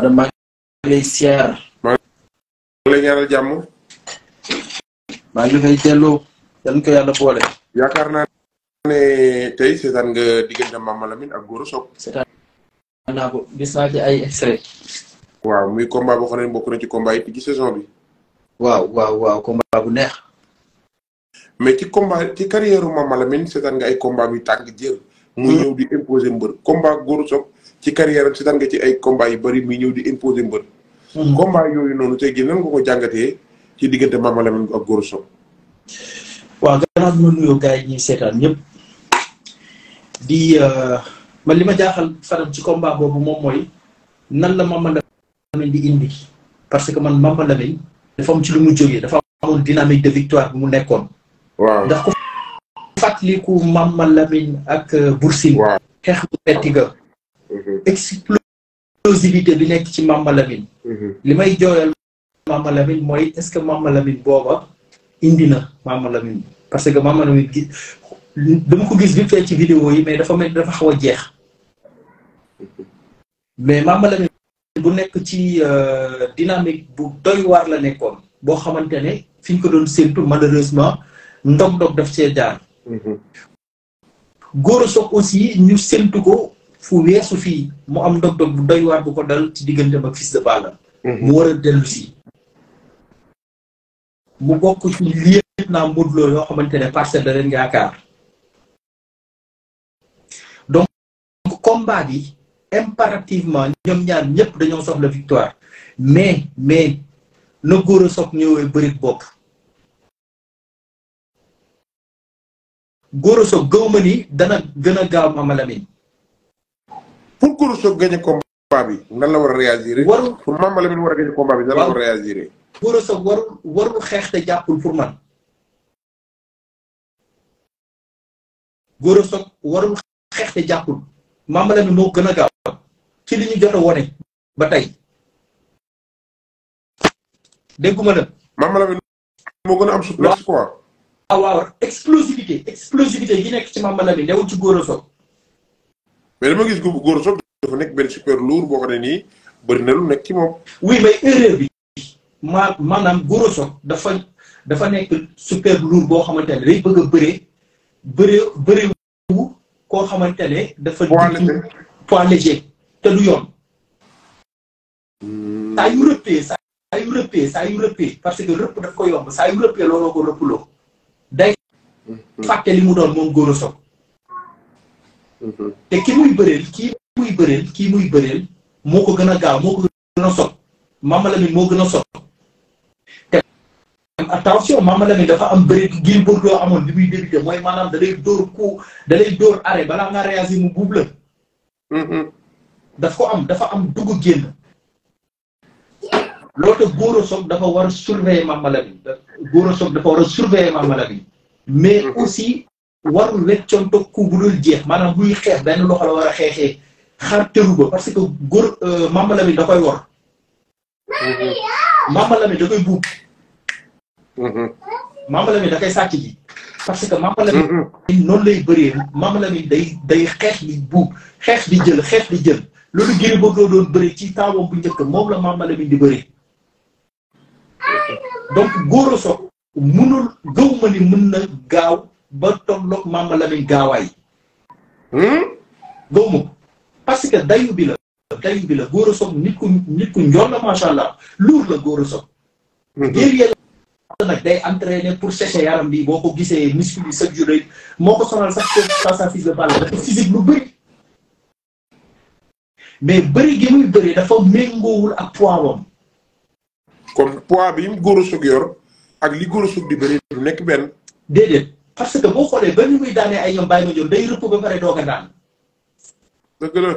ada Malaysia. ngi lay siyaar. jamu ngi lay lo jangan maa ngi lay delloo. yan ko yàlla boole. yaakaar naa ne tey seetaan nga diggante Mama Lamine ak Gora Sock. seetaan ay extrait. Wow, muy komba boo xam bukan bokk na itu combat yi ci Wow, wow, waaw waaw waaw combat mais ci combat ci carrière Mama Lamine nga ay combat bi tàng djel mu ñëw hmm? di imposer mbeur combat Gora sok ci carrière ci tan nga ci ay combat yu bari mi ñew di imposer mbeur hmm. combat yoyu nonu tey gi nan nga ko jangate ci diggante Mama Lamine ak Gora Sock waaw gannaaw bi nuyu gaay ñi yi ñuy ñëpp di euh ma lima jaaxal faram ci combat bobu mom moy nan la Mama Lamine di indi parce que man Mama Lamine dafa am ci lu mu jógee dafa amul dynamique de victoire bu mu nekkoon waaw ndax ko fatlikou Mama ak euh, Boursine xeex bu metti ga explosivité bi nekk ci Mama mhm. li may jooyal Mama Lamine mooy est-ce que Mama booba indi na Mama parce que Mama gi dama ko gis vite fait ci vidéo yi mais dafa mel dafa xaw a jeex mais Mama bu nekk ci euh, dynamique bu doy waar la nekkoon boo xamante ne fi ñu ko doon séntu malheureusement ndog-ndog daf cee jaar. Mhm. góor a soog aussi ñu séntu ko fu weesu fii mu am dog-dog bu doy waar bu ko dal ci diggante ba Fils de Balla mhm. mu war a dellu si mu bokk ci lii naa Modou yoo xamante ne Parcelles da leen yaakaar donc combat bi impérativement ñoom ñaar ñëpp dañoo soxla victoire mais mais na góor a soog ñëwee bëri bopp góor a soog gëw ma ni dana gën a gaaw Mama Lamine pour Gora Sock gagné combat bi nan la war a réagir. warul pour Mama Lamine war a gagné combat bi nan la war a réagir. Gora Sock warul warul xeex te jàppul pour man. Gora Sock warul xeex te jàppul Mama moo gën a gaaw ci li ñu jot a wone ba tey dégguma la. Mama Lamine moo gën a am souplesse quoi. ah waaw explosivité explosivité gi nekk ci Mama Lamine newul ci Gora Sock mais dama gis góor soog dafa nekk benn super lourd boo xam ne nii bëri na lu nekk ki moom. oui mais erreur bi ma maanaam góor soog dafa dafa nekk super lourd boo xamante ne day bëgg a koo xamante ne dafa. poids léger poids léger te du yoon. Hmm. saa yu rëppee saa yu rëppee parce que rëpp daf ko yomb saa yu rëppee looloo ko rëpp loo day hmm. fàtte li mu doon moom góor soog. te ki muy bëreel kii muy bëreel kii muy bëreel moo ko gën a gaaw moo ko gën a sot Mama Lamine moo gën a sot te attention Mama Lamine dafa am bëri Gris Bordeaux amoon bi muy débuté mooy maanaam da lay mu buub mm-hmm. am dafa am dugg génn loolu te Gora Sock dafa war a surveiller Mama Lamine Gora dafa war a surveiller Mama mais mm-hmm. aussi warul weccoonto kubulul jeex manam buy xex ben loxo la wara xexé xar teru ba parce que gor euh, Mama lami da koy wor Mama lami da koy buub mm-hmm. Mama lami da koy sàcc ji parce que Mama lami mm-hmm. non lay beure Mama lami day day xex di bouk xex di jël xex di jël gëri bo do doon beure ci bu mom la Mama lami di beure donc goroso munul gëw ni mën na gaaw ba tolloog Mama Lamine Gaawaay. Hmm? góob parce que dayu bi la. dayu bi la góor a soog nit ku nit la macha allah luur la góor a soog. Hmm. guerrier la day entraîner pour sécher yaram bi boo ko gisee muscle bi chaque jour day moo ko sonal sax sa sa fils de balle dafa physique lu bëri. mais bëri gi muy bëri dafa méngoowul ak poids kon poids bi mu góor a soog yor ak li góor a soog di bëri du nekk benn. déedéet. parce que boo xoolee ba ni muy daanee ay ñoom bàyyi ma joon day rëpp ba pare doog a daan. dëgg la.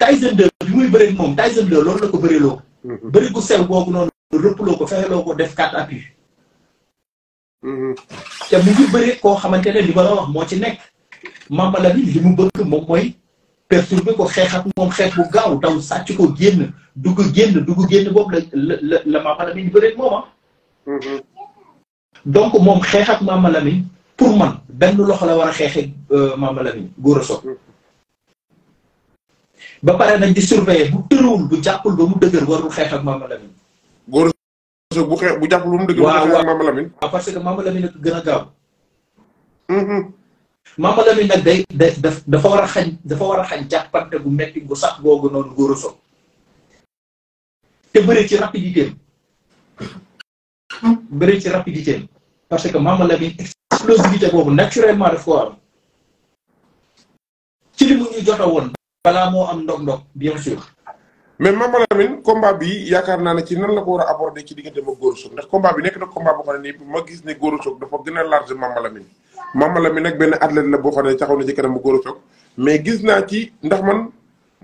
Tyson 2 bi muy bëree moom Tyson 2 loolu la ko bëree loo. Mhm. bëri gu sew googu noonu rëppaloo ko fexe loo ko def quatre appuis. Mhm. te mu ngi bëri koo xamante ne li ma la wax moo ci nekk. Mama Lamine li mu bëgg moom mooy perturber ko xeex ak moom xeex bu gaaw daw sàcc ko génn dugg génn dugg génn boobu la la la Mama Lamine di bëree moom ah. Mhm. donc mom xex ak Mama Lamine pour man ben lox la wara xexé euh, Mama Lamine góor sok ba paré nañ di surveiller bu teurul bu jappul ba mu dëgër waru xex ak Mama Lamine. góor sok bu xex bu jappul mu dëgër. waru Mama Lamine. Ah, parce que Mama Lamine nag gëna gaaw. Mm-hmm. Mama Lamine nak day dafa wara a xañ dafa wara a xañ jàppante gu metti gu sax googu non góor a te bëri ci rapidité bëri ci rapidité parce que Mama Lamine explosivité boobu naturellement daf koo li mu woon balaa moo am ndog-ndog bien sûr. mais Mama Lamine bi yaakaar naa ne ci nan la ko war a ci bi nekk na combat boo xam ne nii ma gis ne Gora Sock dafa gën a large boo xam ne taxaw na ci kanam Gora Sock mais gis naa ci ndax man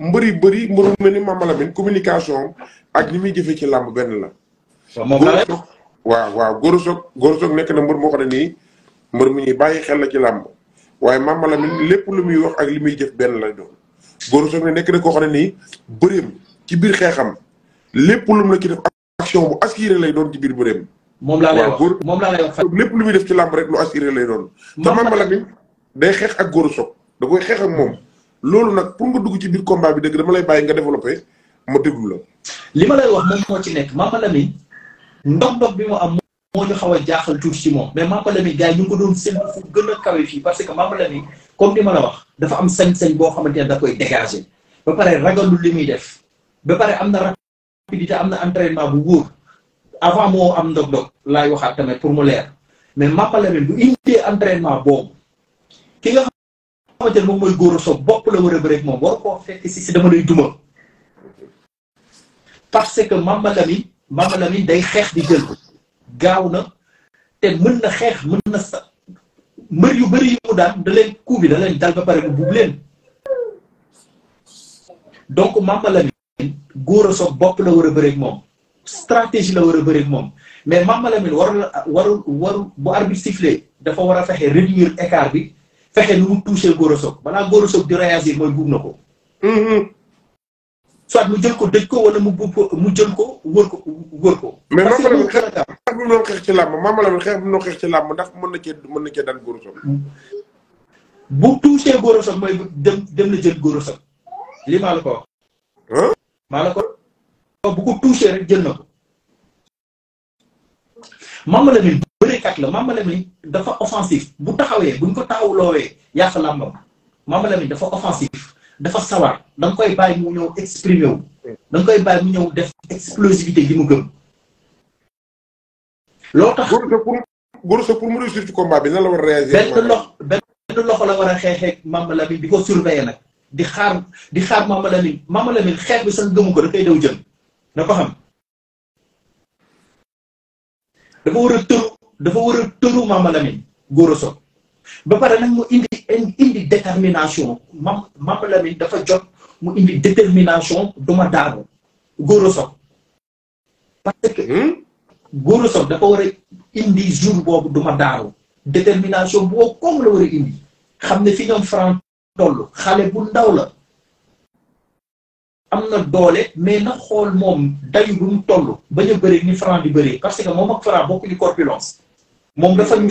mbëri bëri mbëru mel ni Mama Lamine communication ak ni muy jëfee ci làmb benn la. waaw waaw góor Sock góor Sock nekk na mbër moo xam nii mbër mu ñuy bàyyi xel la ci làmb waaye Mama Lamine lépp lu muy wax ak li muy jëf benn la doon Gora Sock ne nekk na koo xam ne nii bëreem ci biir xeexam lépp lu la ci def action bu assuré lay doon ci biir bëreem. moom laa lay wax moom laa lay wax lépp lu muy def ci làmb rek lu assuré lay doon. te Mama Lamine day xeex ak Gora Sock da koy xeex ak moom. loolu nag pour nga dugg ci biir combat bi dëgg dama lay bàyyi nga développé ma déglu la. li ma lay wax moom moo ci nekk Mama Lamine ndox-ndox bi mu am moo ñu xaw a jaaxal tuuti ci moom mais Mame Lamine gars yi ñu ngi ko doon séntu fu gën a kawe fii parce que Mame Lamine comme ni ma la wax dafa am sañ-sañ boo xamante ne da koy dégager ba pare ragalu li muy def ba pare am na rapidité am na entraînement bu góor avant moo am ndog-ndog laay waxaat tamit pour mu leer mais Mame Lamine bu indee entraînement boobu ki nga xamante ne moom mooy góor a soog bopp la war a bëreeg moom war koo fekk si si dama lay duma parce que Mame Mama Lamine day xeex di jël ko gaaw na te mën na xeex mën na sa mbër yu bëri yu mu daan da leen coup bi da leen dal ba pare mu buub leen donc Mama góor a soog bopp la war a bëreeg moom stratégie la war a bëreeg moom mais Mama Lamine warul warul warul bu arbitre sifflé dafa war a fexe réduire écart bi fexe nu mu touché góor a soog balaa góor a soog di réagir mooy buub na ko. Mm-hmm. soit mu jël ko dëj ko wala mu mu jël ko wër ko wër ko. mais que xeex bu ñu xeex ci làmb Mama Lamine xeex bu ñu xeex ci làmb ndax mën na cee mën na cee daan góor soog. Mm. bu touché góor soog mooy dem dem na jël góor soog lii maa la ko wax. maa la ko wax bu ko touché rek jël na ko. Mama Lamine bëreekat la Mama dafa offensif bu taxawee buñ ko taxawloowee yàq làmbam Mama Lamine dafa offensif. dafa sawar danga koy bàyyi mu ñëw exprimer wu. koy bàyyi mu ñëw def explosivité gi mu gëm. loo tax Gora Sock la war a benn loxo la war a xeexee Mama di ko surveiller nag di xaar di xaar Mama Lamine Mama Lamine xeex bi sax gëmu ko da koy daw jël xam. dafa war a tëru dafa war a tëru Mama Lamine ba pare nag mu indi indi détermination mam mam Lamine dafa jot mu indi détermination duma daanu góor soog parce que hmm? góor soog dafa war a indi jour boobu duma daanu détermination boobu comme la war a indi xam ne fi ñoom Franc toll xale bu ndaw la am na doole mais na xool moom dayu bu mu toll bañ a bëri ni Franc di bëree parce que moom ak Franc bokkuñu corpulence moom dafa ñu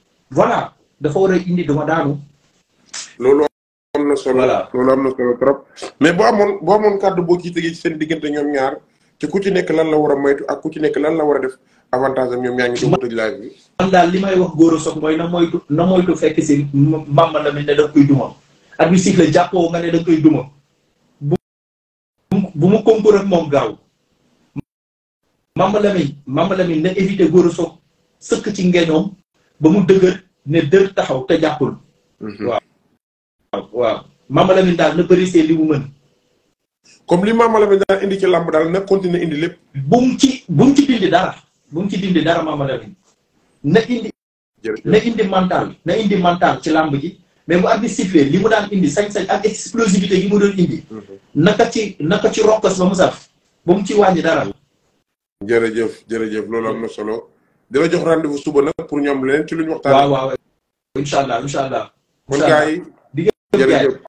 voilà dafa war a indi duma daanu. loolu am na solo. voilà trop. mais boo amoon boo amoon kàddu boo ciy tëgee ci seen diggante ñoom ñaar ci ku ci nekk lan la war a moytu ak ku ci nekk lan la war a def avantage am ñoom ñaar ñu doon tëj laaj bi. man daal li may wax góor a mooy na moytu na fekk si mbamba la mel ne da koy duma. at bi cycle jàppoo nga ne da koy duma. bu bu mu kompor ak moom gaaw. mbamba la mel mbamba la mel na éviter góor a soog sëkk ci ngeñoom. ba mu ne dër taxaw te jappul mhm. waaw waaw Mama Lamine dal na bëri see li mu meun comme li Mama Lamine dal indi ci lamb dal na continuer indi lepp bu mu ci bu mu ci dindi dara bu mu ci dindi dara Mama Lamine na indi ne indi mental ne indi mental ci lamb ji mais bu arbitre sifflé li mu daan indi sañ-sañ ak explosivité yi mu doon indi mhm. naka ci naka ci rokkas ba mu saf ba mu ci wañi dara am na solo dina jox rendez-vous suba nak pour ñoom leen ci luñ waxtaan. waaw waaw incha allah incha allah. kon gars yi jërëjëf